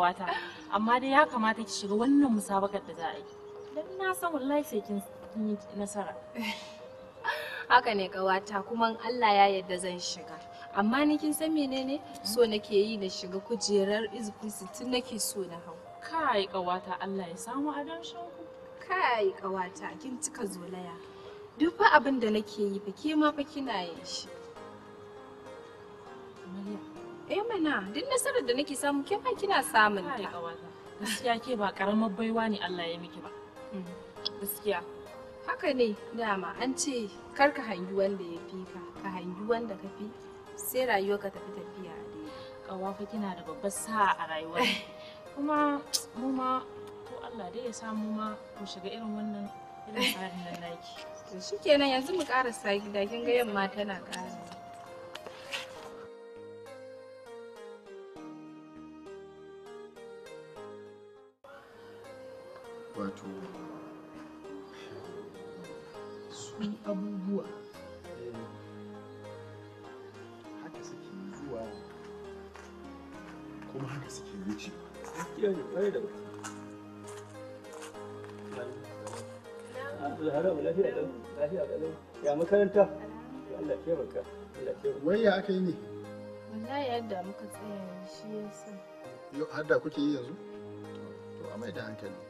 wata amma dai ya kamata ki shiga wannan musabakar da za a yi don na san wallahi sai kin yi nasara haka ne ƙawata kuma Allah ya yarda zan shiga amma ni kin san menene so nake yi na shiga kujerar izbisi tun nake so na hau kai ƙawata Allah ya samu adamshin ku kai ƙawata kin cika zolaya duk fa abin da nake yi fa ke ma fa kina yin shi Maryam Eh mana, duk nasarar da nake samu ke ma kina samun ta. Gaskiya ke ba karamar baiwa ne Allah ya miki ba. Mm, gaskiya. Haka ne dama an ce kar ka hangi wanda ya fi ka, ka hangi wanda ka fi sai ka tafi tafiya dai. Kawa fa kina da babbar sa'a a rayuwar. Kuma mu ma ko Allah dai ya samu ma mu shiga irin wannan irin tsarin nan naki. To shikenan yanzu mu karasa gida kin ga yamma tana ƙara. wato sun abubuwa eh, haka suke zuwa kuma haka suke wuce gaskiya ne kwarai da ya wai ya aka yi ne wallahi yadda muka tsaya shi sa. yau hadda kuke yi yanzu to a mai da hankali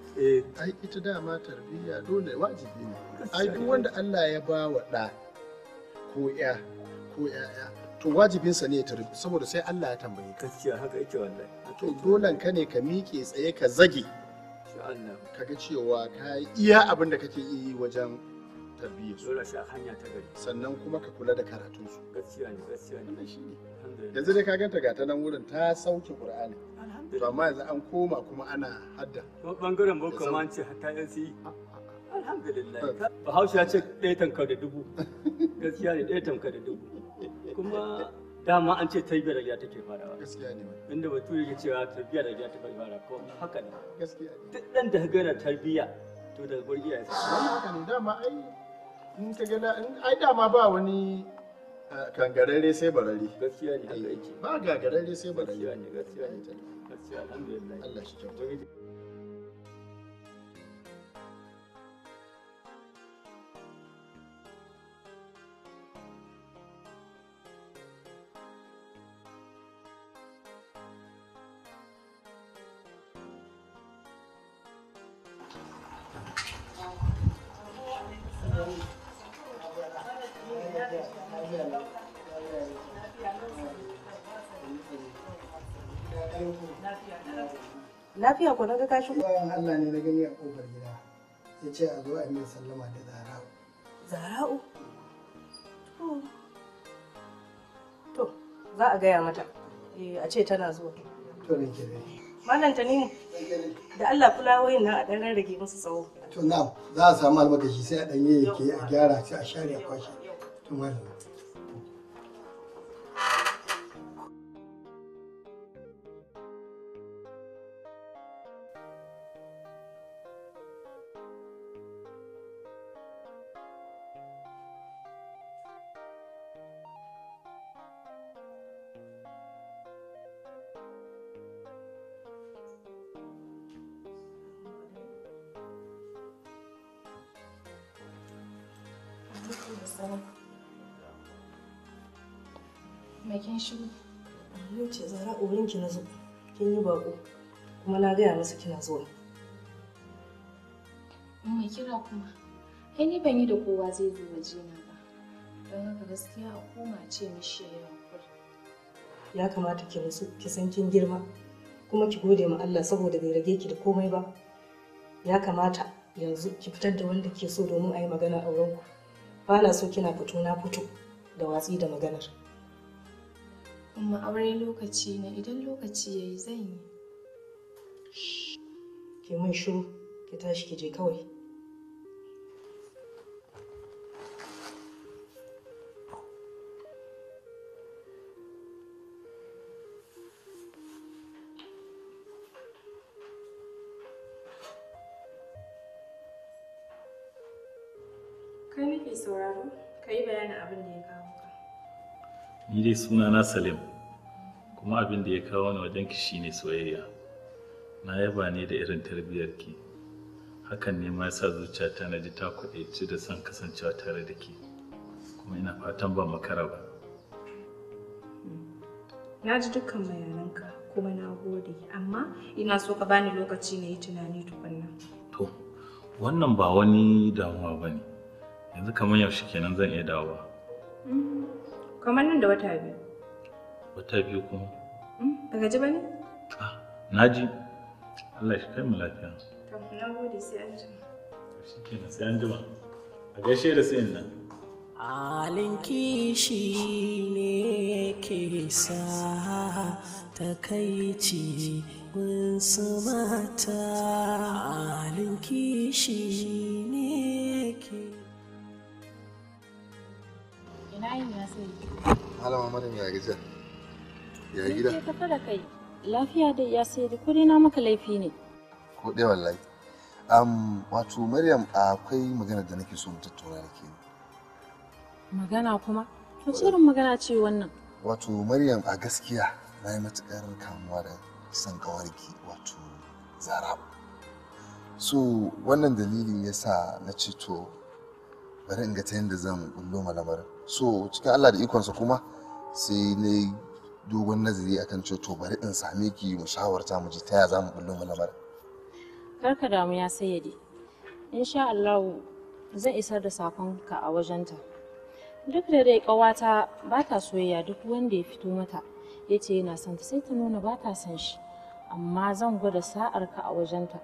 Eh. ai ita dama tarbiyya dole wajibi ne ai wanda Allah ya ba wa ɗa ko ya ko ya'ya to wajibinsa ne ya tarbi saboda sai Allah ya tambaye ka gaskiya haka yake wallahi to dolan ka ne ka miƙe tsaye ka zage ka ga cewa ka iya abin da kake yi wajen tarbiyyar su dole sai hanya ta gari sannan kuma ka kula da karatun su gaskiya ne gaskiya ne shine yanzu dai ka ganta ga ta nan wurin ta sauke qur'ani to amma yanzu an koma kuma ana hadda to bangaren boko ma ce hatta yan si e. alhamdulillah eh. bahaushe ya ce ɗaya tanka da dubu gaskiya ne ɗaya tanka da dubu kuma dama an ce tarbiyyar da gida take farawa gaskiya ne inda bature yake cewa tarbiyyar da gida take farawa ko haka ne gaskiya duk ɗan da ga tarbiyya to daga gurin iyaye haka ne dama ai in ka gana in ai dama ba wani kangararre eh, sai barare gaskiya ne ba gagararre sai barare gaskiya ne gaskiya Allah shi lafiya ko naga kashi bayan Allah ne na gani a kofar gida ya ce a zo a yi sallama da zara'u zara'u to za a gaya mata eh, a ce tana zuwa to ne ke Malam Tanimu, da Allah fulawoyin nan a dan rarrage musu tsawo. To na za a samu almakashi sai a danye yake a gyara sai a share a kwashe. To malam. kira zuwa mai kira kuma ai ni ban yi da kowa zai zo waje na ba don haka gaskiya a koma ce mishi ya hankuri ya kamata ki nutsu ki san kin girma kuma ki gode ma Allah saboda bai rage ki da komai ba ya kamata yanzu ki fitar da wanda ke so domin a yi magana auren ku ba na so kina fito na fito da watsi da maganar amma aure lokaci ne idan lokaci yayi zan yi ke mun shiru ki tashi ki je kawai kai nake sauraro ka yi bayanin abin da ya kawo ka ni dai suna na salim kuma abin da ya kawo ni wajen ki shine soyayya na yaba ne da irin tarbiyyar ki hakan ne ma yasa zuciyata na ji ta kuɗaici da son kasancewa tare da ke kuma ina fatan ba makara ba na ji dukkan bayananka kuma na gode amma ina so ka bani lokaci na yi tunani tukunna to wannan ba wani damuwa ba ne yanzu kamar yaushe kenan zan iya dawowa hmm, kamar nan da wata biyu wata biyu kuma hmm, Ka ji ba ne ah, na ji Allah shi kai mu lafiya. To, na gode sai anjima. Shi kenan sai an A gaishe da sayin nan. Halin kishi ne ke sa takaici mun su mata halin kishi ne ke. Ina yin ya sai. Halama madam ya gida. Ya gida. Ke tafi da kai. Lafiya da ya sai da dai na maka laifi ne. Ko dai wallahi. Um, wato Maryam akwai magana da nake so mu tattauna da ke. Magana kuma? To irin magana ce wannan. Wato Maryam a gaskiya na yi matukar kamuwa da san kawarki wato Zara. So wannan dalilin yasa na ce to bari in ga ta yadda zan bullo malamar. So cikin Allah da ikonsa kuma sai na dogon nazari akan ce to bari in same ki mu shawarta mu ji ta ya zamu bullo mu kar ka damu ya sayyade insha Allah zan isar da sakon ka a wajenta duk da dai kawata ba ta soyayya duk wanda ya fito mata yace yana son ta sai ta nuna ba ta son shi amma zan gwada sa'ar ka a wajenta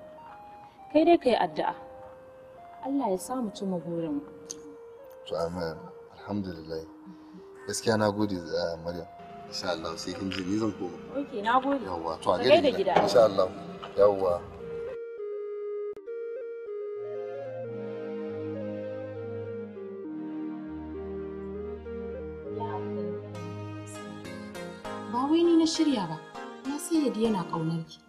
kai dai ka addu'a Allah ya sa mu ci burin to amma alhamdulillah gaskiya na gode eh, Maryam insha Allah sai kin ji ni zan koma okay nagode yawa to a gida insha Allah yawa ba wai ni na shirya ba na sai yadda yana ƙaunar ki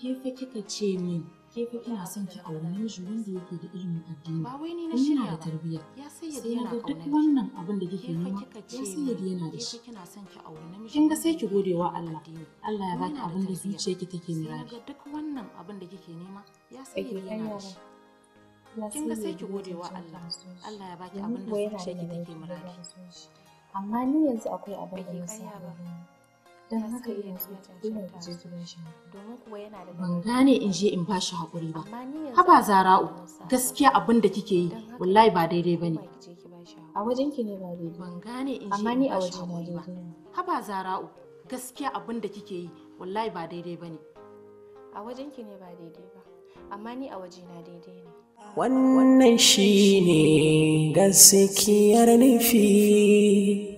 ke fa kika ce min ke fa ina son ki aure namiji wanda yake da ilimin addini ba wai ni na a da tarbiyya ya sai ya yana da duk wannan abin da kike nema ya sai ya yana da shi kina son ki aure namiji kin ga sai ki gode wa Allah Allah ya baki abin da zuciyarki take nema ga duk ya ya kin ga sai ki gode wa Allah Allah ya baki abin da zuciyarki take muradi amma ni yanzu akwai abin da ya sa ba don haka iya ina da jikin shi ban gane in je in bashi hakuri ba haba zara'u gaskiya abin da kike yi wallahi ba daidai ba ne. a wajen ki ne ba daidai ban gane in je in bashi hakuri ba haba zara'u gaskiya abin da kike yi wallahi ba daidai ba ne. a wajen ki ne ba daidai ba amma ni a waje na daidai ne wannan shine gaskiyar nufi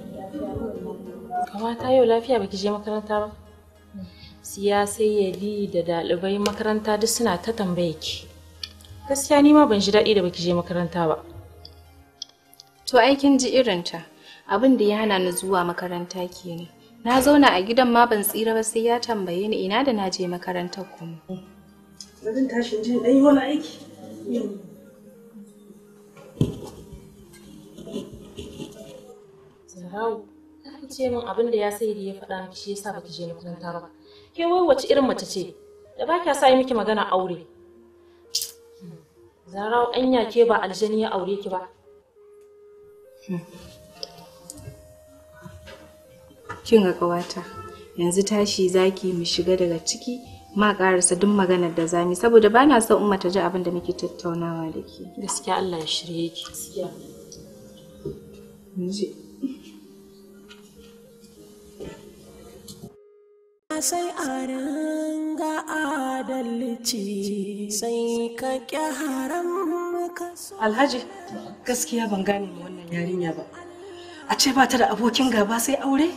kamata yau lafiya baki je makaranta ba? sai yali da ɗalibai makaranta duk suna ta tambaye ki. Gaskiya ni ma ban ji daɗi da baki je makaranta ba. To aikin ji irinta abin da ya hana ni zuwa makaranta kenan. Na zauna a gidan ma ban tsira ba sai ya tambaye ni ina da na je makarantar kuma. bazin tashin jin ɗan yi aiki. ce min abin da ya sai da ya faɗa miki shi yasa baki je makaranta ba ke wai wace irin mace ce da ba kya yi miki magana aure zarau anya ke ba aljani ya aure ki ba kin ga kawata yanzu tashi zaki mu shiga daga ciki ma karasa duk maganar da zami saboda bana son umma ta ji abin da muke tattaunawa da ke gaskiya Allah ya shirye ki gaskiya sai a ringa adalci sai ka ƙi haram ka Alhaji gaskiya ban gane ma wannan yarinya ba. A ce ba ta da abokin gaba sai aure?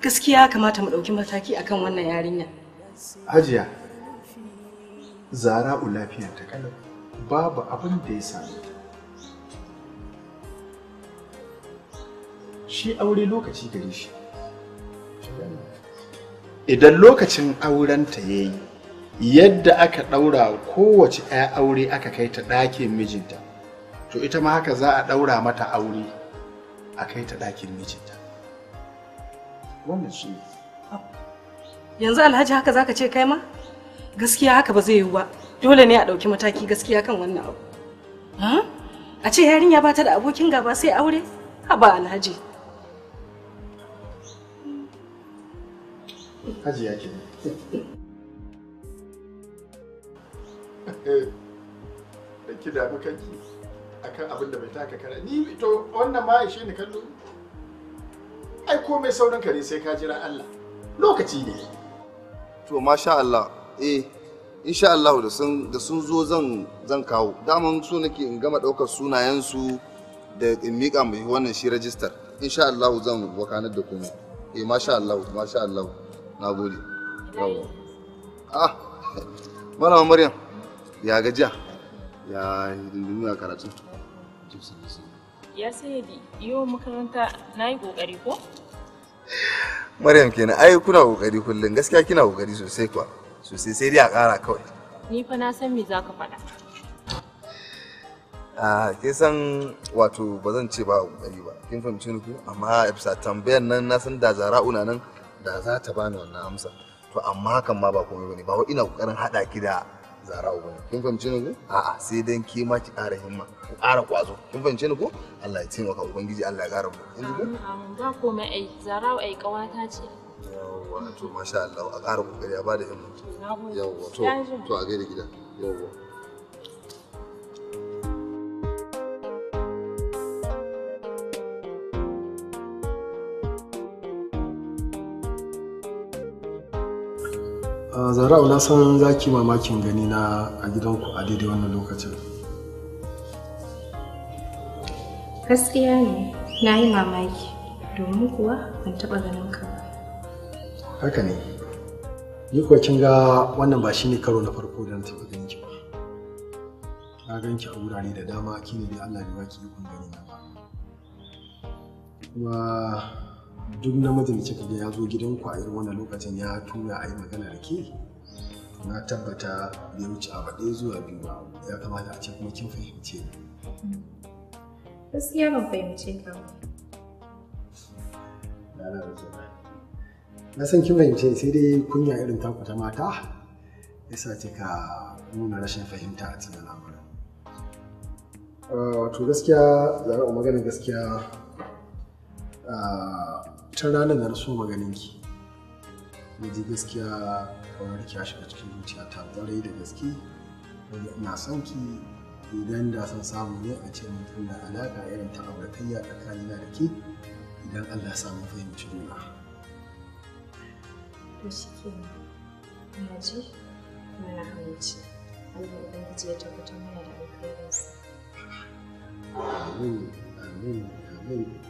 Gaskiya kamata mu ɗauki mataki akan wannan yarinya. Hajiya, Zara'u lafiya ta kalau babu abin da ya samu ta. Shi aure lokaci gare shi. idan lokacin aurenta ya yi yadda aka ɗaura kowace 'ya aure aka kai ta ɗakin mijinta to ita ma haka za a ɗaura mata aure a kai ta ɗakin mijinta wannan shi yanzu alhaji haka zaka ce kai ma gaskiya haka ba zai yiwu ba dole ne a ɗauki mataki gaskiya kan wannan abu a ce yarinya ba ta da abokin gaba sai aure haba alhaji hajiya ke eh, da ki dami kanki akan abin da bai taka kare ni to wannan ma shi ni kallo ai komai saurin kare sai ka jira Allah lokaci ne to masha Allah eh insha Allah da sun da sun zo zan zan kawo daman so nake in gama daukar sunayen su da in miƙa mai wannan shi rajistar insha Allah zan wakanar da komai eh masha Allah masha Allah na gode yawa ah malama maryam ya gajiya ya nuna karatu ya yi yau makaranta na yi kokari ko maryam kenan ai kuna kokari kullum gaskiya kina kokari sosai kuwa sosai sai dai a kara kawai ni fa na san me zaka faɗa a ah, ke san wato ba zan ce ba kokari ba kin fahimci ni ko amma bisa tambayar nan na san da zara'una nan da za ta bani wannan amsa to amma hakan ma ba komai bane ba wai ina kokarin hada ki da zara'u bane kin fahimce ni ko a'a sai dan ke ma ki ƙara himma ki ƙara kwazo kin fahimce ni ko Allah ya taimaka ubangiji Allah ya ƙara mu amin ji ba komai ai zara'u ai kawata ce yawwa to masha Allah a ƙara kokari a bada himma yawwa to to a gaida gida yawwa zara'u na san za ki mamakin gani na a gidanku a daidai wannan lokacin gaskiya ne na yi mamaki domin kuwa ban taɓa ganin ka haka ne ni kuwa kin ga wannan ba shi ne karo na farko da na taba ganin ki ba na gan ki a wurare da dama ki ne dai Allah bai baki ikon gani na ba kuma duk namijin da kika ya zo gidan ku a irin wannan lokacin ya tura a yi magana da ke na tabbata bai wuce a baɗe zuwa biyu ba ya kamata a ce kuma kin fahimce ni. gaskiya ban fahimce ka ba. na san kin fahimce sai dai kunya irin taku ta mata ya sa kika nuna rashin fahimta a cikin al'amuran. wato ah, gaskiya zara maganin gaskiya ah, tun ranar da na so maganinki na ji gaskiya kaunar ki shiga cikin zuciya ta kwarai da gaske wanda ina son ki idan da san samu ne a ce mutum da alaƙa irin ta tsakanina da ke idan Allah samu fahimci juna. To shi ke na ji kuma na amince ya Ubangiji ya tabbatar mana da alkhairinsa. Amin, amin, amin.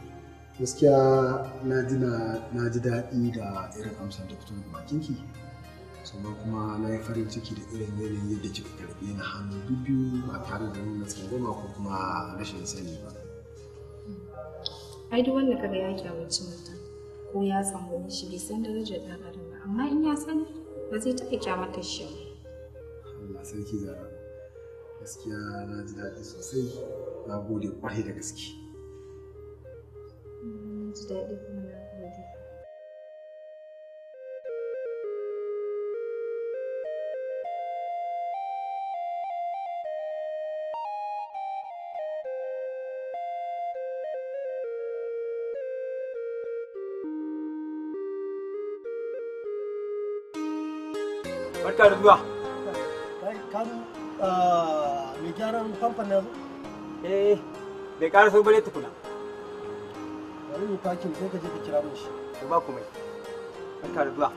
gaskiya na ji na ji daɗi da irin amsar da fito bakinki sannan kuma na yi farin ciki da irin yanayin yadda kika karɓe na hannu biyu ba tare da nuna tsangwama ko kuma rashin sani ba ai duk wanda kaga ya kyamaci mutum ko ya tsangwame shi bai san darajar ɗan adam ba amma in ya sani ba zai taɓa kyamata shi Allah sarki da gaskiya na ji daɗi sosai na gode ƙwarai da gaske na ji daɗi kuma na barka da zuwa kan mai gyaran famfan nan eh bai ƙara sau bare tukuna bari mu fakin sai ka je ka kira min shi to ba komai barka da zuwa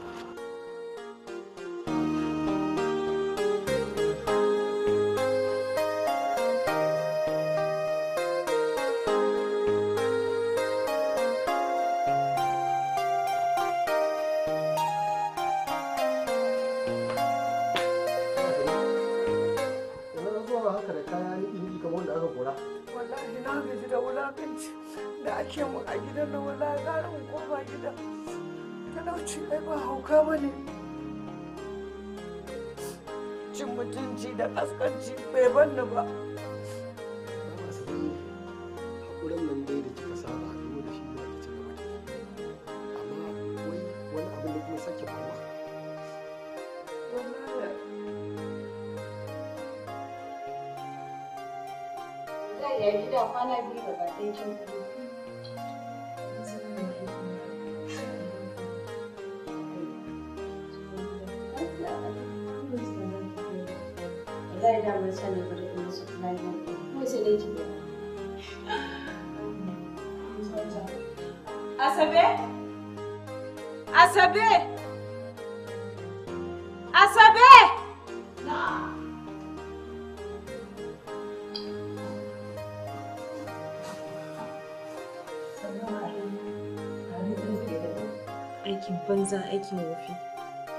aikin wofi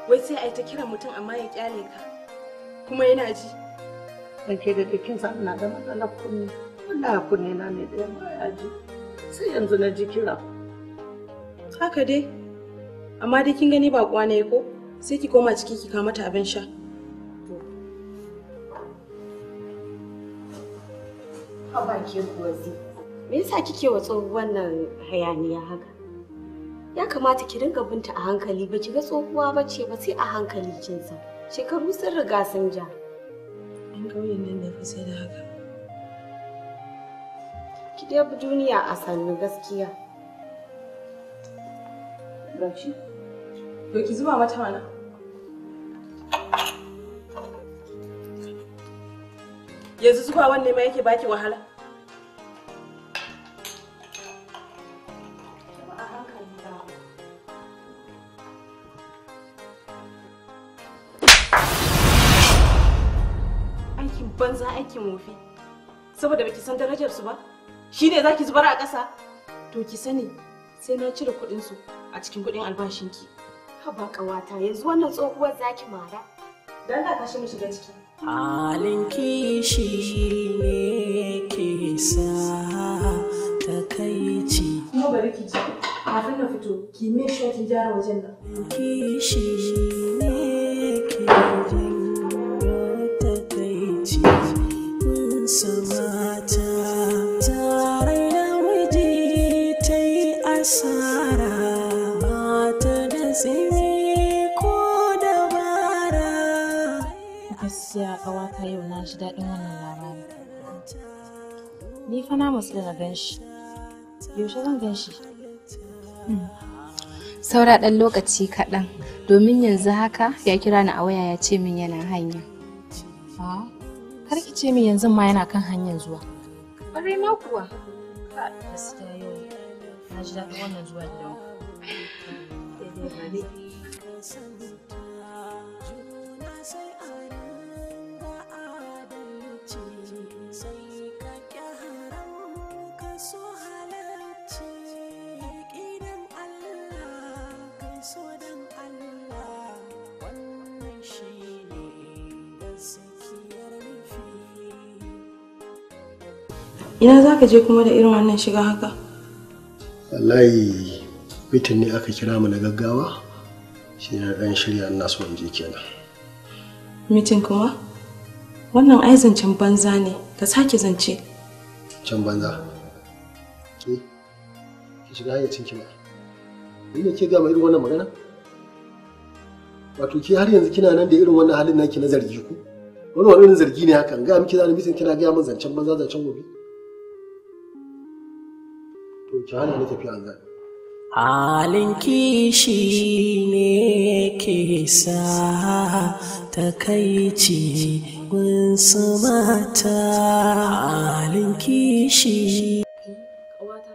wai sai a yi ta kira mutum amma ya kyale ka kuma yana ji ke da jikin sa ina da matsalar kunni. wanda kunne na ne da yamma ya ji sai yanzu na ji kira haka dai amma dai kin gani ba kuwa ya ko sai ki koma ciki ki kama ta abin sha Haba ke kuwa zai. Me yasa kike wa wannan hayaniya haka? ya kamata ki dinga binta a hankali ba ki ga tsohuwa ba ce ba sai a hankali kin san shekaru sun riga sun ja An kauyen nan da fa sai da haka ki dai bu duniya a sannu gaskiya gashi to ki zuba mata mana yanzu zuwa wanne ma yake baki wahala wofi saboda baki san darajar su ba shine zaki zubar a ƙasa to ki sani sai na cire kuɗin su a cikin kuɗin albashinki ba kawata yanzu wannan tsohuwar zaki mara dan da kashe mu shiga ciki halin kishi ne ke sa ta ci kuma bari ki ji kafin na fito ki me shi wajen nan kishi ne na shi daɗin wannan labari. Ni fa na matsu da gan shi. Yaushe zan gan shi? Hmm. Saura ɗan lokaci kaɗan domin yanzu haka ya kira ni a waya ya ce min yana hanya. Kar ki ce min yanzu ma yana kan hanyar zuwa. Ƙwarai ma kuwa. Gaskiya na ji daɗin wannan zuwa gidan. Daidai ba ina za ka je kuma da irin wannan shiga haka wallahi mitin ne aka kira mu na gaggawa shi na ɗan shirya ina so in je kenan mitin kuma wannan ai zancen banza ne ka sake zance can banza ke ki shiga hayyacin cinki ba ni ne ke gama irin wannan magana wato ki har yanzu kina nan da irin wannan halin naki na zargi ku wani wani zargi ne hakan ga miki za ni mitin kina ga mun zancen banza zancen gobe Halin kishi ne ke sa takaici gun su mata halin kishi. Ƙawata,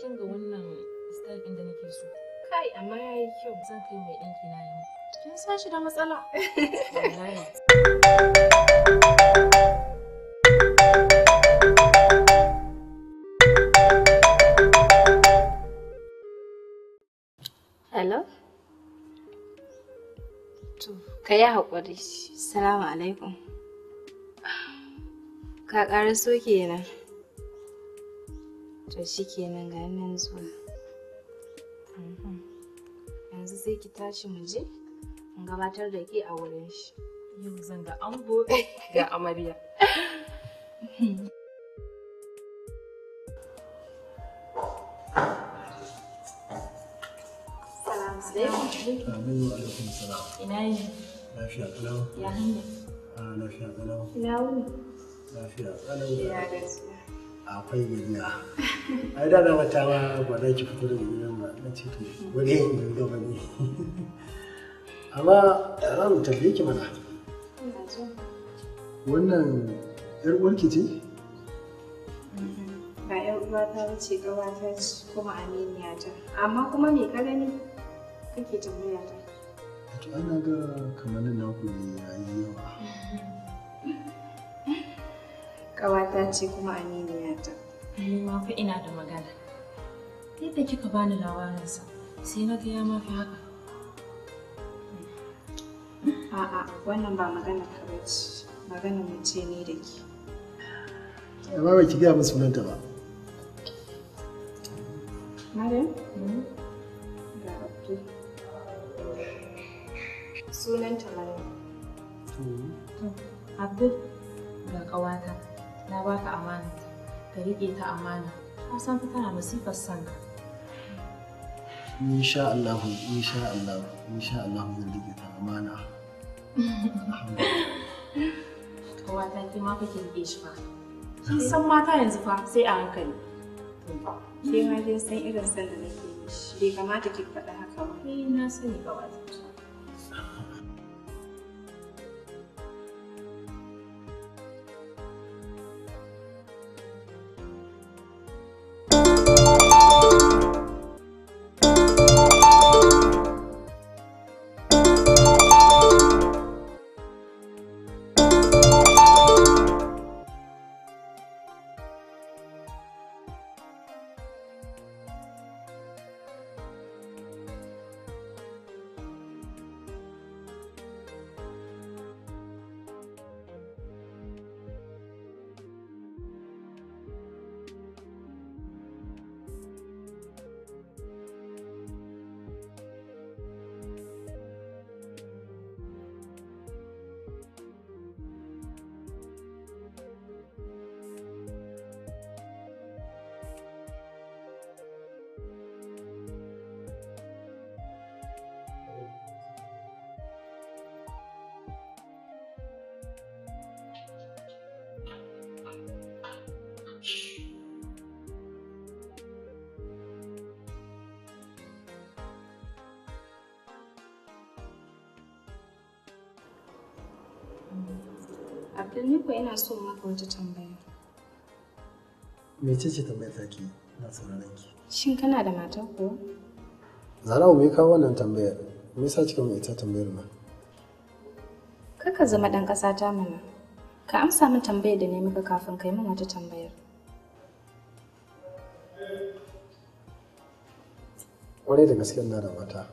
kin ga wannan style ɗin da nake so. Kai, amma ya yi kyau zan kai mai ɗinki na yau. Kin sa shi da matsala. Wallahi. Hello? To, ka yi haƙuri. Salamu alaikum. Ka ƙara so kenan. To shi kenan ga nan zuwa. Mhm. Yanzu sai ki tashi mu je, in gabatar da ke a wurin shi. Yau zan ga ga amarya. tsaye ku ce? Amin wa alaikum salam. Lafiya kalau. Ya ah, lafiya kalau. Ina Lafiya Akwai gajiya. A da na wata ba da ki fito daga ba na ce to wani ne ba ne. Amma ran mu tafi ki mana. Wannan yar uwarki ce? ba uwata ce gabata ce kuma aminiya ta amma kuma mai karami kake tambaya ta? Wato ana ga kamannin naku ne yi yawa. Ƙawata ce kuma aminiya ta. Ni ma fa ina da magana. Yadda kika bani labarinsa sai na ga ya ma fi haka. A'a wannan ba magana ka bace magana mu ce ni da ke. Amma ba ki gaya min sunanta ba. Madam? Mm-hmm. Sunan Maryam. To, Abdul ga ƙawata na baka amana ka riƙe ta amana ka san ta tana masifar sanka. Insha Allah, insha Allah, insha Allah zan riƙe ta amana. Ƙawata ke ma fa ke riƙe shi fa. Kin san mata yanzu fa sai a hankali. Sai ma kin san irin san da nake yi. Bai kamata ki faɗa haka ba. Eh na sani ba ƙawata. Abdul ni ko ina so maka wata tambaya. me ce ce tambayar take na sauraron ki? Shin kana da mata ko? Zara me kawo wannan tambayar? Me yasa kika mai ita tambayar ma? Kaka zama dan kasa ta mana. Ka amsa min tambayar da ne maka kafin kai min wata tambayar. Kwarai da gaske na da mata.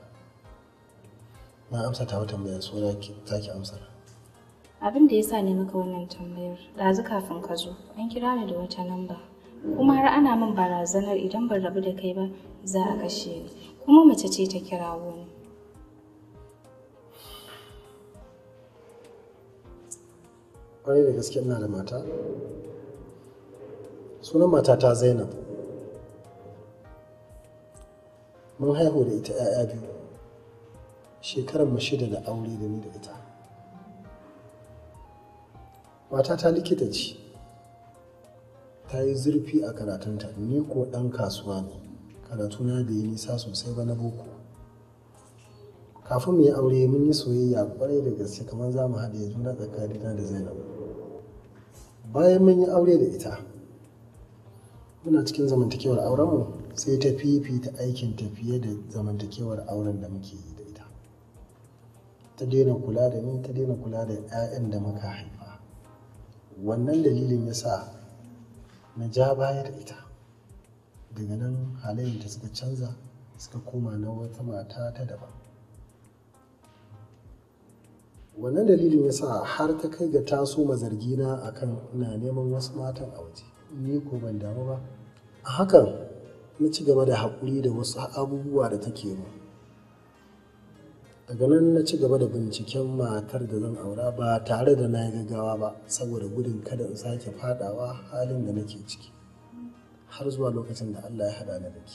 Na amsa ta wata tambayar so za ki amsa. abin da ya sa ne maka wannan tambayar ɗazu kafin ka zo an kira ni da wata lamba kuma har ana min barazanar idan ban rabu da kai ba za a kashe ni kuma mace ce ta kirawo ni kwarai da gaske ina da mata sunan mata ta zainab mun haihu da ita 'ya'ya biyu shekarar mu shida da aure da ni da ita mata ta likita ce ta yi zurfi a karatunta ni ko ɗan kasuwa ne karatuna bai yi nisa sosai ba na boko kafin mu yi aure mun yi soyayya kwarai da gaske kamar za mu haɗe juna tsakanina da zainab bayan mun yi aure da ita muna cikin zamantakewar aurenmu sai ta fifita aikin tafiye da zamantakewar auren da muke yi da ita ta daina kula da ni ta daina kula da 'ya'yan da muka haifa wannan dalilin ya sa na ja bayar ita daga nan halayen ta suka canza suka koma na wata mata ta daban wannan dalilin ya sa har ta kai ga taso mazargina a kan ina neman wasu matan a waje ni ko ban damu ba a hakan na ci gaba da haƙuri da wasu abubuwa da take mu daga nan na ci gaba da binciken matar da zan aura ba tare da na yi gaggawa ba saboda gudun kada in sake fadawa halin da nake ciki har zuwa lokacin da allah ya hada ni da ke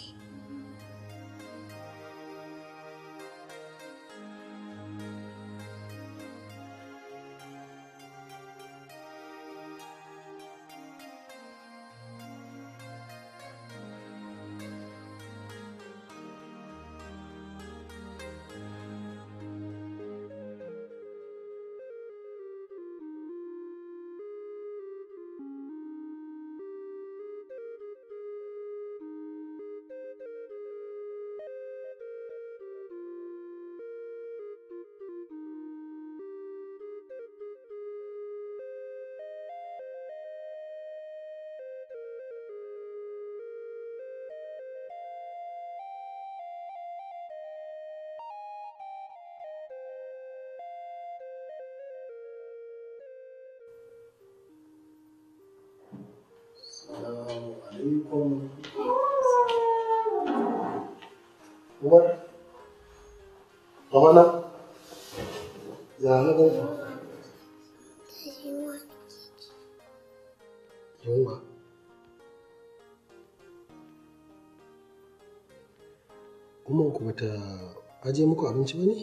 muku abinci ba ne?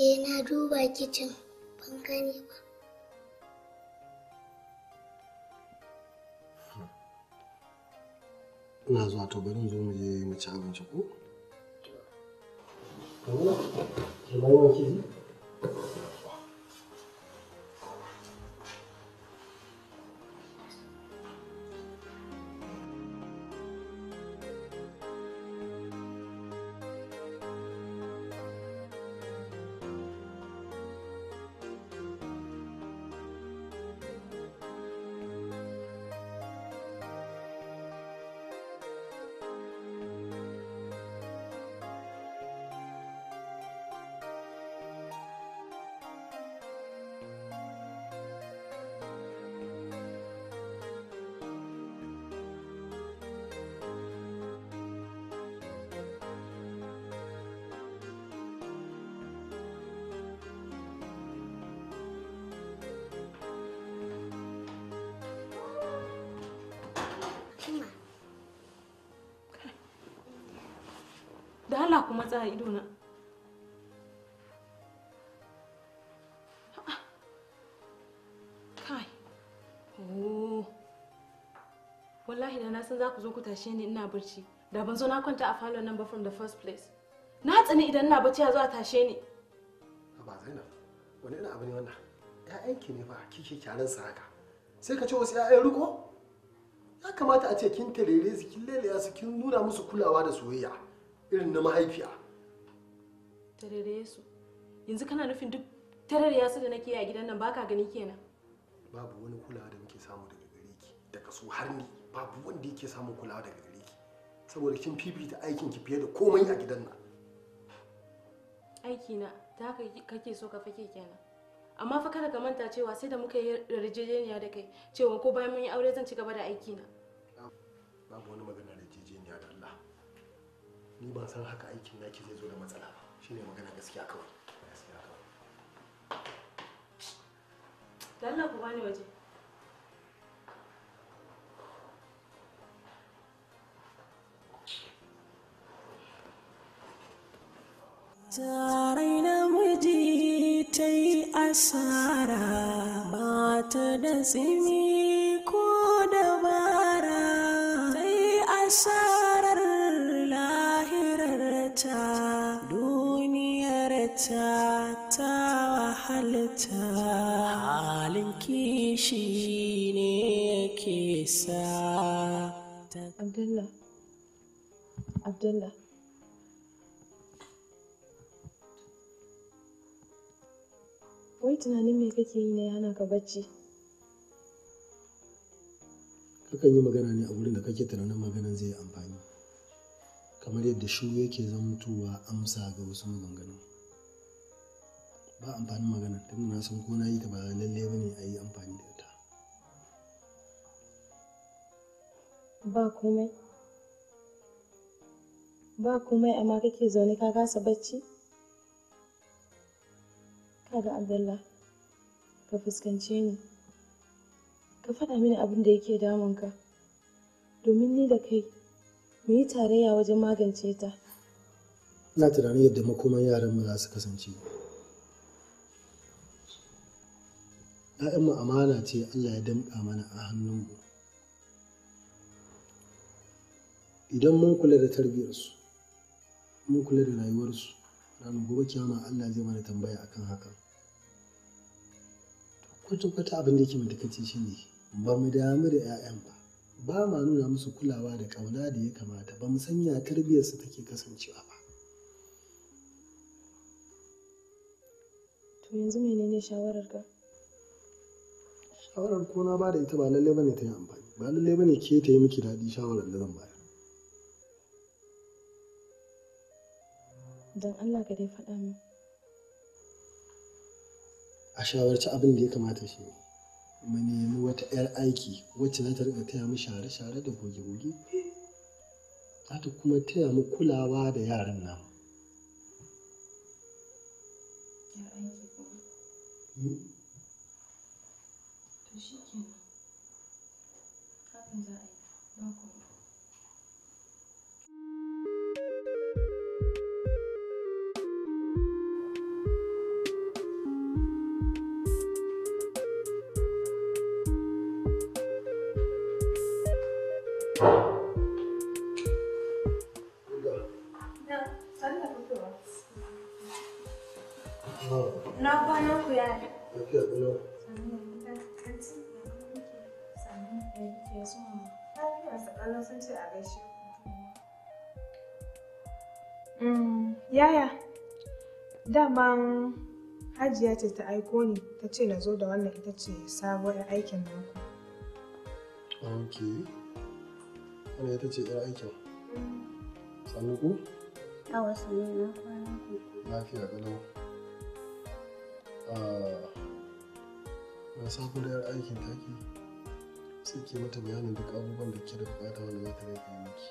Eh na duba kicin ban gani ba. Ina zuwa to bari zo mu je mu ci abinci ko? Kamar, kamar wani matsa a na. kai oh. wallahi da na san za ku zo ku tashe ni ina barci da ban zo na kwanta a falon nan ba from the first place na tsani idan ina barci a zo a tashe ni ba zainab wani irin abu ne wannan ƴaƴanki ne fa kike kyalan saraka sai ka ce wasu 'ya'yan riko ya kamata a ce kin tarere su kin lelaya su kin nuna musu kulawa da soyayya irin na mahaifiya tarere su yanzu kana nufin duk tarar yasu da nake a gidan nan baka gani kenan babu wani kulawa da muke samu daga gare ki da kaso har ni babu wanda yake samun kulawa daga gare ki saboda kin fifita aikin ki fiye da komai a gidan nan aiki na ta haka kake so ka fake kenan amma fa kada ka manta cewa sai da muka yi yarjejeniya da kai cewa ko bayan mun yi aure zan ci gaba da aiki na babu wani magana da jejeniya da Allah ni ban san haka aikin naki zai zo da matsala ba shine magana gaskiya kawai gaskiya kawai lalla ku bani waje Zarai waje ta yi asara ba ta da tsimi ko dabara ta yi asara halitta ta halitta halin kishi ne ke sa abdullah abdullah wai tunanin me kake yi na yana ka bacci kakan yi magana ne a wurin da kake tunanin maganan zai yi amfani kamar yadda shu yake zamtowa amsa ga wasu maganganu ba amfanin magana tunda na san ko na yi ta ba lalle ba ne a yi amfani da ita. Ba komai. Ba komai amma kake zaune ka kasa bacci? Kaga Abdullah, ka fuskance ni. Ka faɗa mini abin da yake damunka. Domin ni da kai, mu yi tarayya wajen magance ta. Ina tunanin yadda makoman yaran mu za su kasance. ‘ya'yanmu amana ce Allah ya damƙa mana a hannunmu idan mun kula da tarbiyarsu mun kula da rayuwarsu ranar gobe kiyama Allah zai mana tambaya akan hakan kwata-kwata abin da yake matakaci shi ne ba mu damu da 'ya'yan ba ba ma nuna musu kulawa da ƙauna da ya kamata ba mu sanya tarbiyyarsu take kasancewa ba to yanzu menene shawararka? shawarar ko na bada ita ba lalle bane ta yi amfani ba lalle bane ke ta yi miki daɗi shawarar da zan bayar don Allah ka dai faɗa min a shawarci abin da ya kamata shi ne mu nemi wata 'yar aiki wacce za ta riƙa taya mu share-share da goge-goge za ta kuma taya mu kulawa da yaran nan Mm-hmm. Donc, daman hajiya ce ta aiko ni ta ce na zo da wannan ita ce sabuwar aikin ku. ok wannan ita ce 'yar aikin sannu ku? wasu ne na kwana lafiya galau ah, na sabuwar 'yar aikin taki sai ke mata bayanin duk abubuwan da ke da bukata wanda za ta yi miki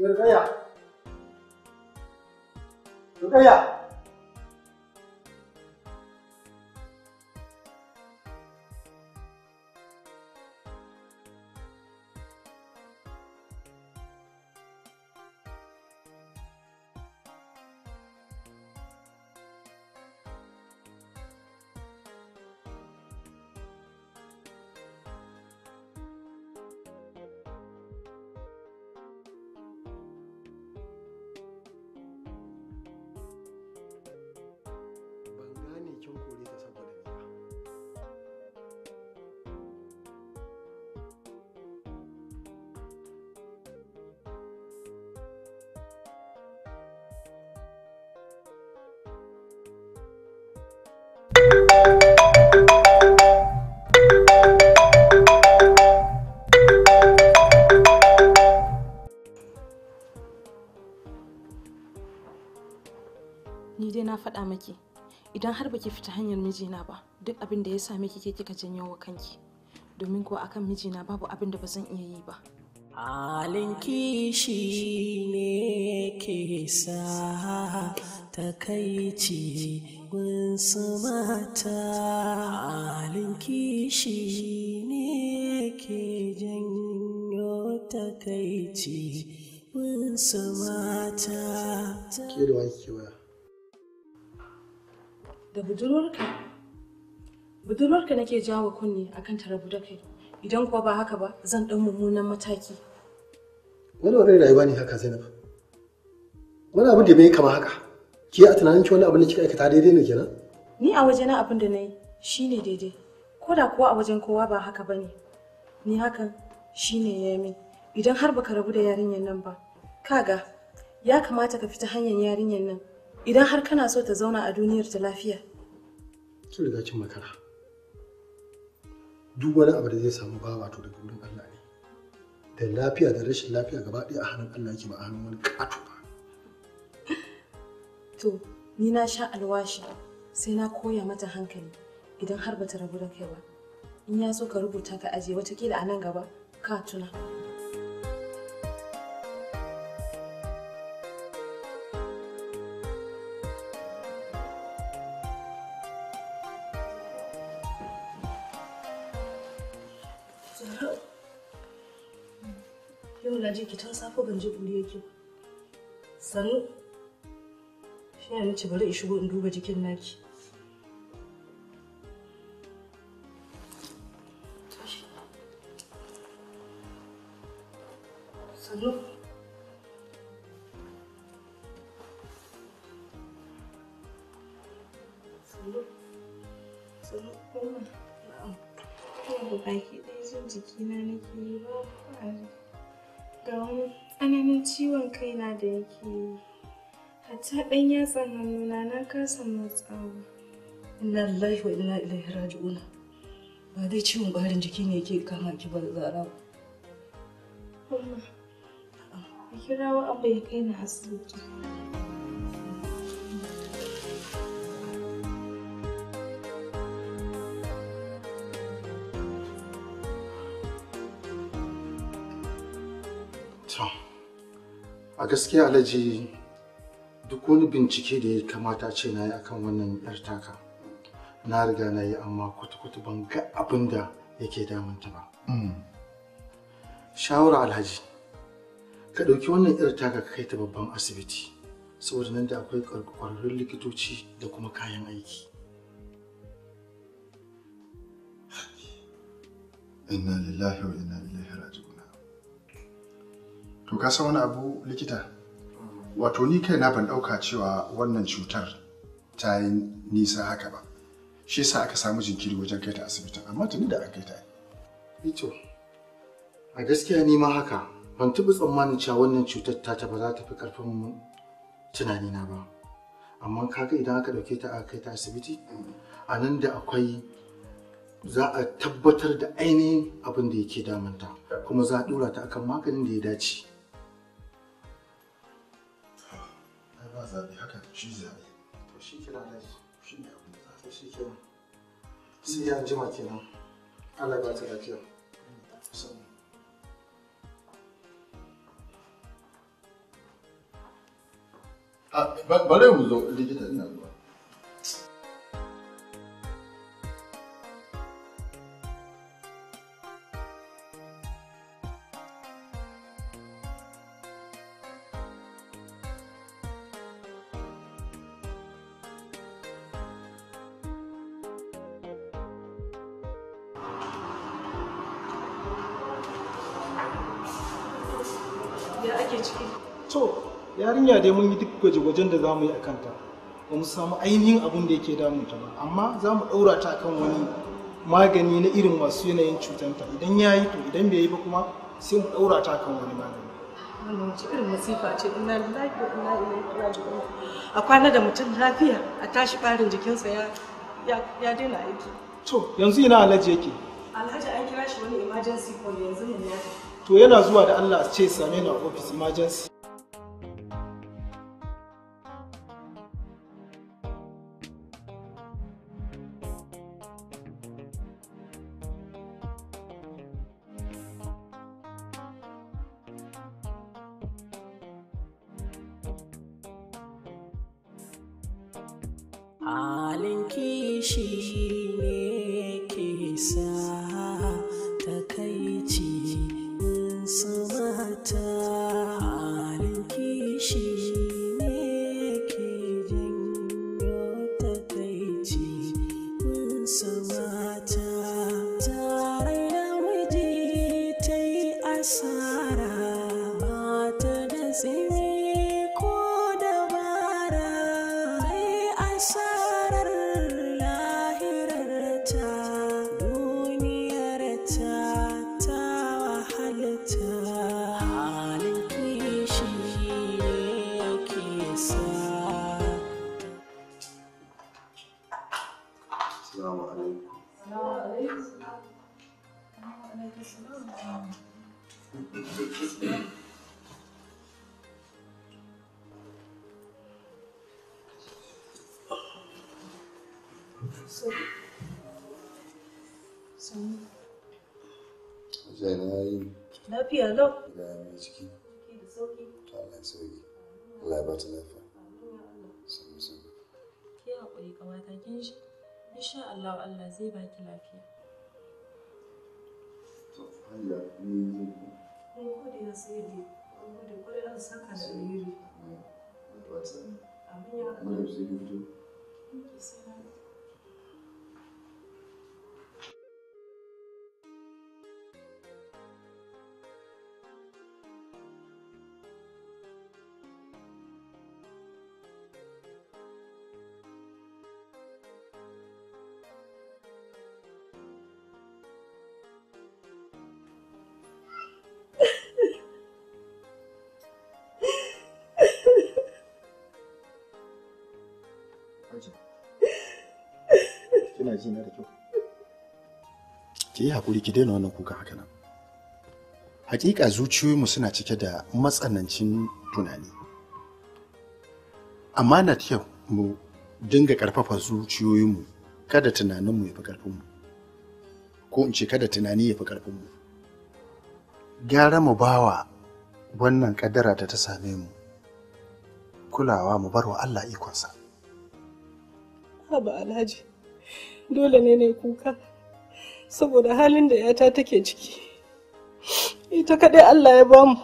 就这样，就这样。faɗa miki idan har baki fita hanyar mijina ba duk abin da ya same ki ke kika janyo wa kanki domin kuwa akan mijina babu abin da ba iya yi ba halin kishi ne ke sa takaici gunsu mata halin kishi ne ke janyo takaici gunsu mata ke da da budurwarka budurwarka nake jawo kunne akan ta rabu da kai idan kuwa ba haka ba zan ɗan mummunan mataki wani wani rayuwa ne haka zainab wani abin da bai kama haka ke a tunanin ki wani abin da kika aikata daidai ne kenan ni a wajena abin da na yi shine daidai ko da kuwa a wajen kowa ba haka bane ni hakan shine ya min idan har baka rabu da yarinyar nan ba kaga ya kamata ka fita hanyar yarinyar nan idan har kana so ta zauna a duniyar ta lafiya. To da cin makara. Duk wani abu da zai samu bawa to daga wurin Allah ne. Da lafiya da rashin lafiya gaba ɗaya a hannun Allah yake ba a hannun wani ƙato ba. To, ni na sha alwashi sai na koya mata hankali idan har bata rabu da kai ba. In ya so ka rubuta ka aje watakila a nan gaba ka tuna. ji ki tun safe ban ji buri yake ba sannu shi ne ci bari in shigo in duba jikin naki ga wani tsananin ciwon kaina da yake yi hatta ɗan yatsan hannuna na kasa motsawa inna lillahi wa inna ilaihi raji'un ba dai ciwon barin jiki ne yake kama ki ba zara kuma ki kirawo abba ya kai na asibiti a gaskiya alhaji duk wani bincike da ya kamata ce na yi akan wannan yar taka na riga na yi amma kwata-kwata ban ga abin da yake damunta ba mm. shawara alhaji ka ɗauki wannan yar taka ka kai ta babban asibiti saboda nan da akwai ƙwararrun likitoci da kuma kayan aiki inna lillahi wa inna To ka san wani abu likita? Wato ni kai na ban ɗauka cewa wannan cutar ta yi nisa haka ba. Shi yasa aka samu jinkiri wajen kai ta asibitin amma tuni da an kai ta. Ito, eh a gaskiya ni ma haka ban taɓa tsammanin cewa wannan cutar ta ba za ta fi tunani na ba. Amma kaga idan aka dauke ta aka kai ta asibiti, a nan da akwai za a tabbatar da ainihin abin da yake damunta kuma za a dora ta akan maganin da ya dace. ba zaɓe haka shi zaɓe to kenan sai ya jima kenan Allah ba ta lafiya mu zo likita ina zuwa yarinya dai mun yi duk gwaje-gwajen da za mu yi a kanta ba mu samu ainihin abin da yake ta ba amma za mu ɗaura ta kan wani magani na irin masu yanayin cutanta idan ya yi to idan bai yi ba kuma sai mu ɗaura ta kan wani magani wannan irin masifa ce ina lillahi na ina ilaihi a kwana da mutum lafiya a tashi ɓarin jikinsa ya ya daina aiki to yanzu ina alhaji yake alhaji an kira shi wani emergency call yanzu ne ya to yana zuwa da Allah ce same na a office emergency lokacin kina ji na da kyau ki yi hakuri ki daina wannan kuka haka nan hakika zuciyoyinmu suna cike da matsanancin tunani amma na kyau mu dinga karfafa zuciyoyinmu kada tunaninmu ya fi karfinmu ko in ce kada tunani ya fi karfinmu Gyara mu bawa wannan kadara da ta same mu kulawa mu barwa Allah ikonsa haba alhaji dole ne ne kuka saboda halin da yata take ciki ita kaɗai allah ya bamu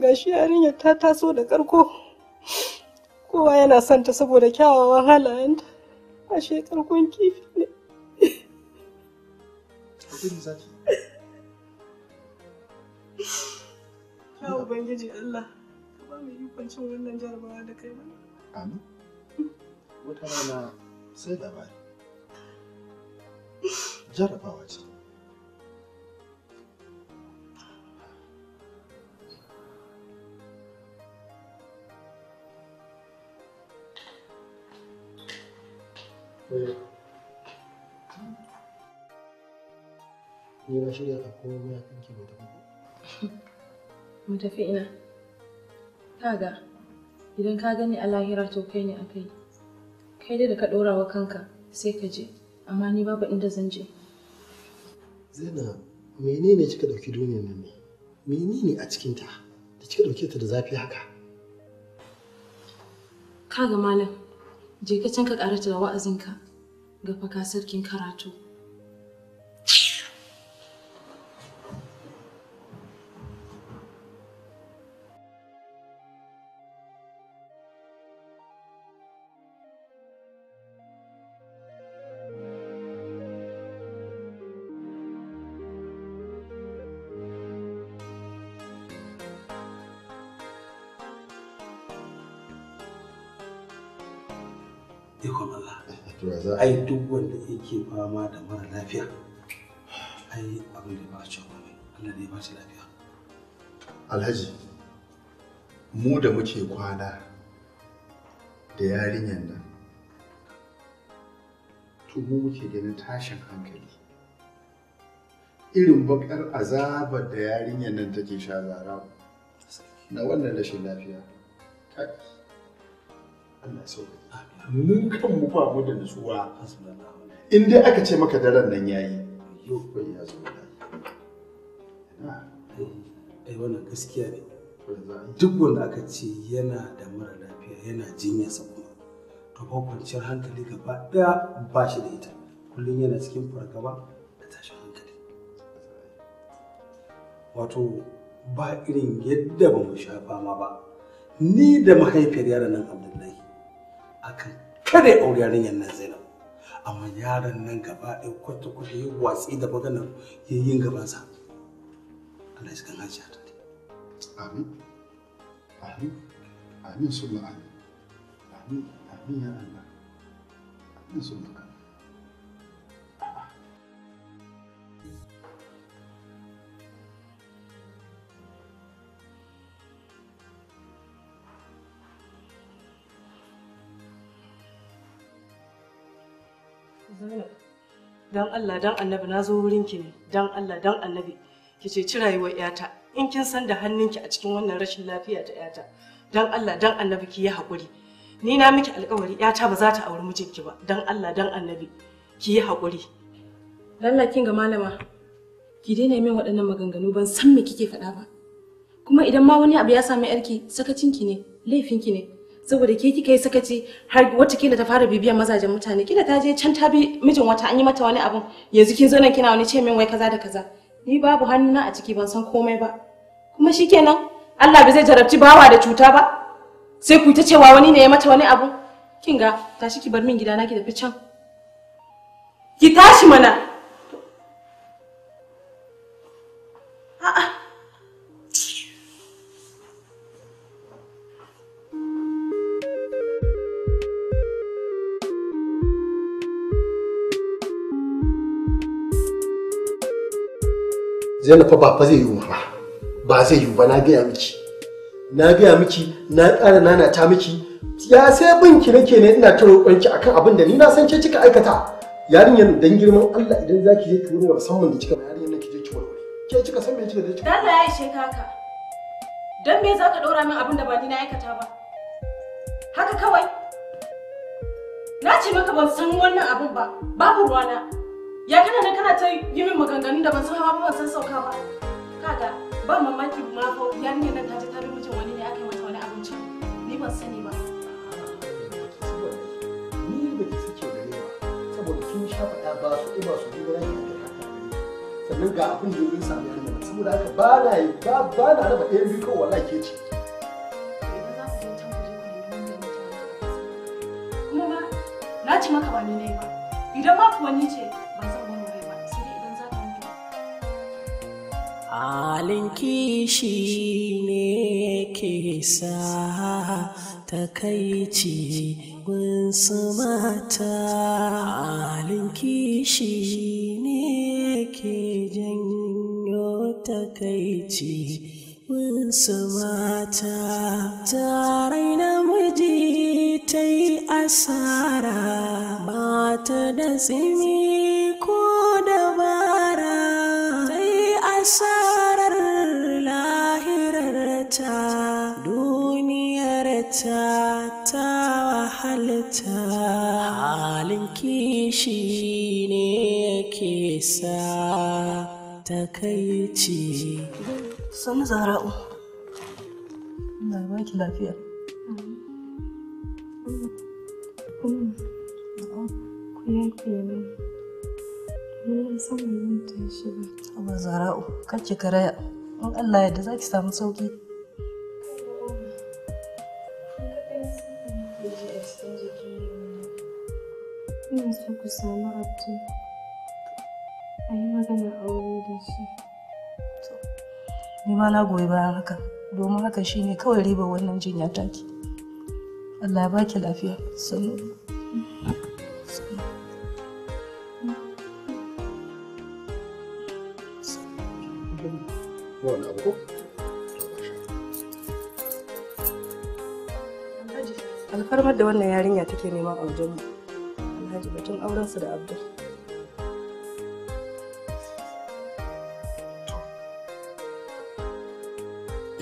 gashi yarinyar ta taso da karko kowa yana son ta saboda kyawawan halayenta ashe karkon kifi ne Ya Ubangiji Allah, ka ba mu ikon cin wannan jarabawa da kai mana. Amin. wata rana sai labari jarabawa ce eh. Ni ba shirya ka kowa mai kanki mai tafi Mu tafi ina. Kaga, idan ka gani a lahira to kai ne a kai. kai dai da ka ɗora wa kanka sai ka je amma ni babu inda zan je zaina menene kika ɗauki duniyar nan ne menene a cikinta da kika ɗauke ta da zafi haka ka kaga malam je ka can ka ƙara da wa'azinka ga faka sarkin karatu ai duk wanda yake fama da mara lafiya ai abin da ba shi komai Allah ne ba shi lafiya alhaji mu da muke kwana da yarinyar nan to mu muke ganin tashin hankali irin bakar azabar da yarinyar nan take sha zara na wannan rashin lafiya Allah ya sauke mu kan mu fa mu da nutsuwa in dai aka ce maka daren nan yayi yau fa ya zo ai wannan gaskiya ne duk wanda aka ce yana da mara lafiya yana jinyarsa kuma to ba kwanciyar hankali gaba daya ba shi da ita kullum yana cikin fargaba da tashin hankali wato ba irin yadda ba mu sha fama ba ni da mahaifiyar yaran nan abdullahi akan kada ya auri yarinyar nan Zainab amma yaron nan gaba ɗaya kwata kwata ya watsi da maganar yayin gabansa Allah ya kan hajiya ta amin amin amin summa amin amin amin ya Allah amin summa amin Dan Allah Dan annabi na zo ki ne, Dan Allah Dan annabi ki ceci rayuwar ‘yata in kin san da hannunki a cikin wannan rashin lafiya ta ‘yata, Dan Allah Dan annabi ki yi haƙuri. Ni na miki alƙawari ‘yata ba za ta auri mijinki ba, Dan Allah Dan annabi ki yi haƙuri. Lalla ga malama, ki daina min waɗannan maganganu ban san me kike faɗa ba. Kuma idan ma wani abu ya sami ‘yarki, sakacinki ne, laifinki ne, saboda ke kika yi sakaci har wata kila ta fara bibiyan mazajen mutane kila ta je can ta bi mijin wata an yi mata wani abun yanzu kin zo nan kina wani ce min wai kaza da kaza ni babu hannuna a ciki ban san komai ba kuma shikenan Allah bai zai jarabci bawa da cuta ba sai ku ta cewa wani ne ya mata wani abu kin ga tashi ki bar min gidana ki tafi can ki tashi mana Zainab fa ba fa zai yiwu ba. Ba zai yiwu ba na gaya miki. Na gaya miki na ƙara nana ta miki ya sai bin ki nake ne ina ta roƙon akan abin da ni na san ce kika aikata. Yarinyar dan girman Allah idan zaki je ki wurin musamman da kika yarinyar nan ki je ki warware. Ke kika san me kika je kika. Allah ya ishe ka Dan me zaka ɗora min abin da ba ni na aikata ba? Haka kawai. Na ce maka ban san wannan abin ba, babu ruwana. ya kana nan kana ta yi min maganganun da ban san hawa ba ban san sauka ba kaga ba mamaki ma fa yarinyar nan ta je ta bi mijin wani ne aka yi mata wani abinci ni ban sani ba ni ba ki sake gare ba saboda kin sha fada ba su ba su ji ran da sannan ga abin da ya samu yarinyar saboda haka ba na yi ba ba na raba ɗaya biyu kawai wallahi ke ci kuma ma na ci maka ba ni ne ba idan ma kuwa ni ce halin kishi ne ke sa takaici gunsu mata halin kishi ne ke janyo takaici gunsu mata tarai namiji ta yi asara ba ta da tsimi ko dabara ta yi asara halitta ta halitta halin kishi ne yake sa ta kai ce zara'u na ba ki lafiya ku yafe min mun san mun tashi ba zara'u kake karaya in Allah ya da zaki samu sauki ina so ku samu abdu a yi magana aure da shi ni ma na goyi bayan haka domin haka shine kawai ribar wannan jinya taki Allah ya baki lafiya sannu alfarmar da wannan yarinya take neman a alhaji batun su da abdul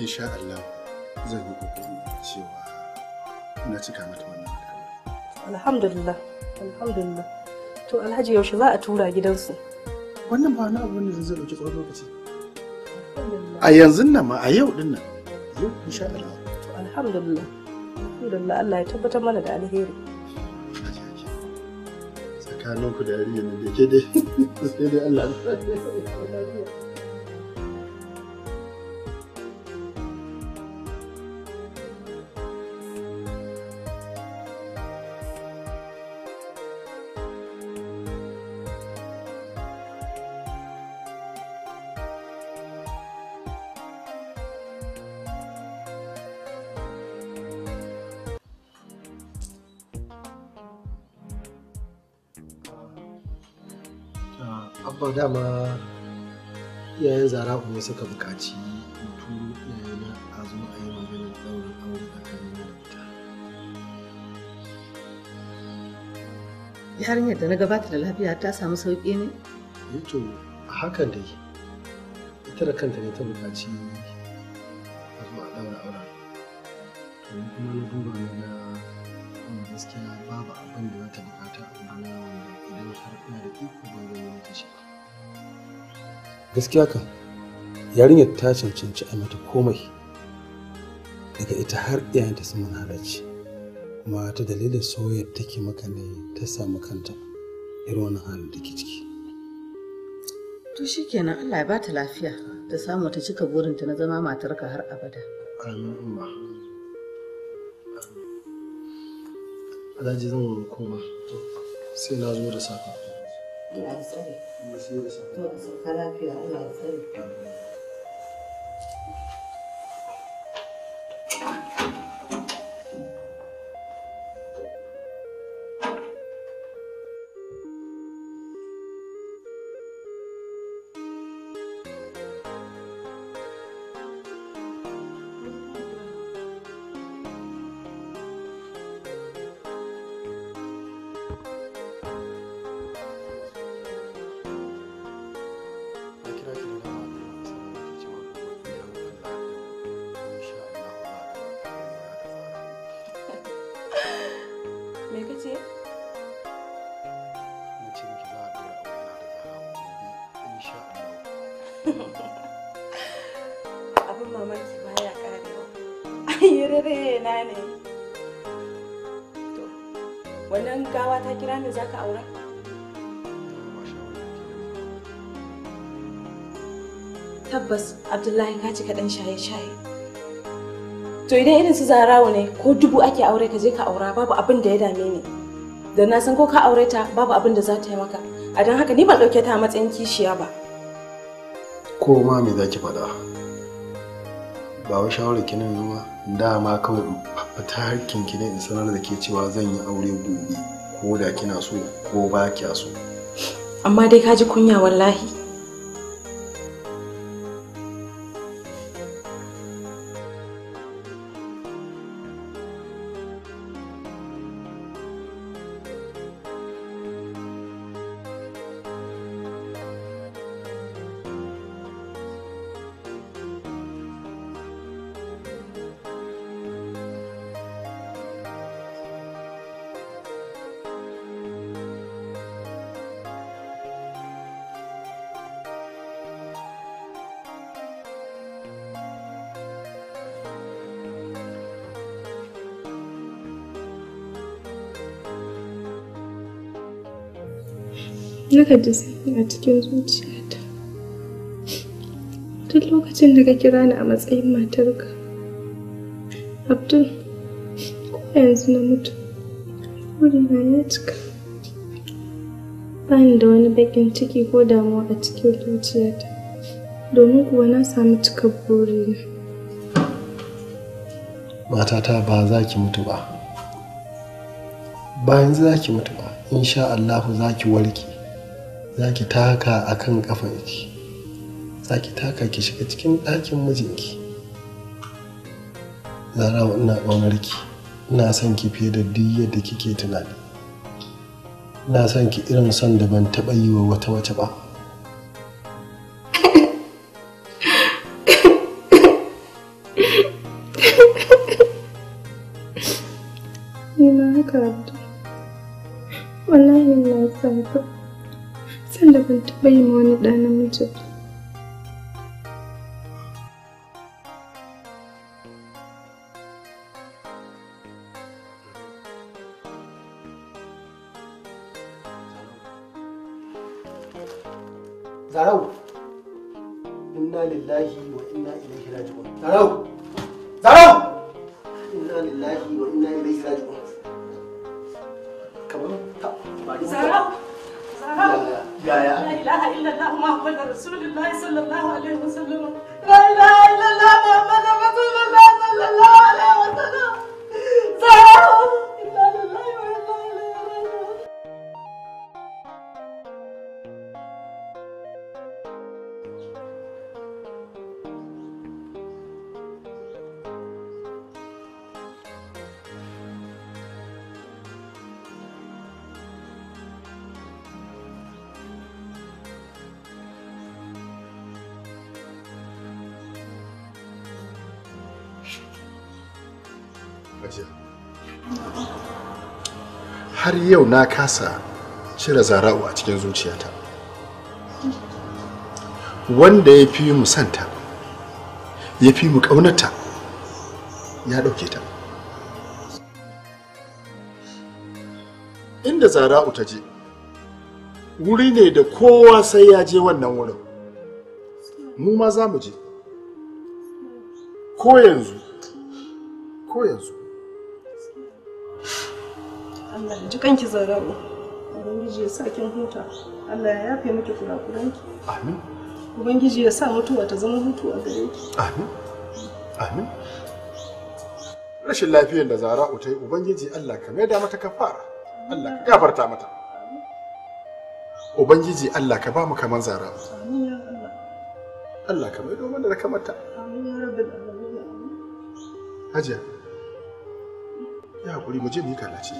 insha Allah zan yi kokarin cewa na cika mata wannan alƙawari alhamdulillah alhamdulillah to alhaji yaushe za a tura gidansu wannan ba na abu ne zai dauki tsawon lokaci a yanzu nan ma a yau din nan yau insha Allah to alhamdulillah alhamdulillah Allah ya tabbatar mana da alheri tsakaninku da yarinyar da ke dai sai dai Allah dama iyayen zara ne suka buƙaci mutu yayana eh, a zo a yi maganin ɗaurin aure tsakanin da ita. Yarinyar da na gabata da lafiya ta samu sauƙi ne? Yato, eh a hakan dai ita da kanta ne ta buƙaci a zo a ɗaura auren. To kuma na duba na gaskiya kan yarinyar ta cancanci a mata komai daga ita har iyayenta sun mana halarci kuma ta dalilin soyayyar take maka ne ta samu kanta irin wannan halin da ke ciki to shikenan Allah ya bata lafiya ta samu ta cika burinta na zama matar ka har abada amin Alhaji zan koma sai na zo da safa Allah ya tsare. To a sauka na ne wannan gawa ta kira ne zaka aura tabbas abdullahi ka cika dan shaye-shaye to idan irin su zarawo ne ko dubu ake aure ka je ka aura babu abin da ya dame ni da na san ko ka aure ta babu abin da za ta yi maka a don haka ni ban ɗauke ta matsayin kishiya ba ko ma me zaki faɗa ba wa shawarar kinin ba dama kawai fita harkin ki ne in sanar da ke cewa zan yi aure gobe ko da kina so ko ba kya so amma dai ka ji kunya wallahi Nakan ji sanyi a cikin zuciyata. Duk lokacin da ka kira ni a matsayin matarka. Abdul, ko yanzu na mutu, burina ya cika. Bani da wani baƙin ciki ko damuwa a cikin zuciyata, domin kuwa na samu cika burina. Matata ba za ki mutu ba. Bayan za ki mutu ba, insha Allahu za ki warke. za ki taka a kan ƙafanki za ki taka ki shiga cikin ɗakin mijinki zara ina ɓangar ki ina son ki fiye da duk yadda kike tunani ina son ki irin son da ban taɓa yi wa wata wace ba bai wani ɗan namiji ba har yau na kasa cire zara'u a cikin zuciyata wanda ya fi mu santa ya fi mu ƙaunata ya ɗauke ta inda zara'u ta je wuri ne da kowa sai ya je wannan wurin mu ma za mu je ko yanzu ko yanzu Allah ji kanki zarau. Ubangiji ya sa kin huta. Allah ya yafe miki kurakuranki. Amin. Ubangiji ya sa mutuwa ta zama hutu a gare ki. Amin. Amin. Rashin lafiyar da Zara'u ta yi Ubangiji Allah ka maida mata kafara. Allah ka gafarta mata. Ubangiji Allah ka ba mu kaman ya Allah ka maido mana da kamata. Hajiya, ya haƙuri mu je mu yi kalaci.